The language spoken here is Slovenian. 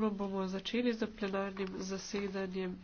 Bomo začeli z plenarnim zasedanjem.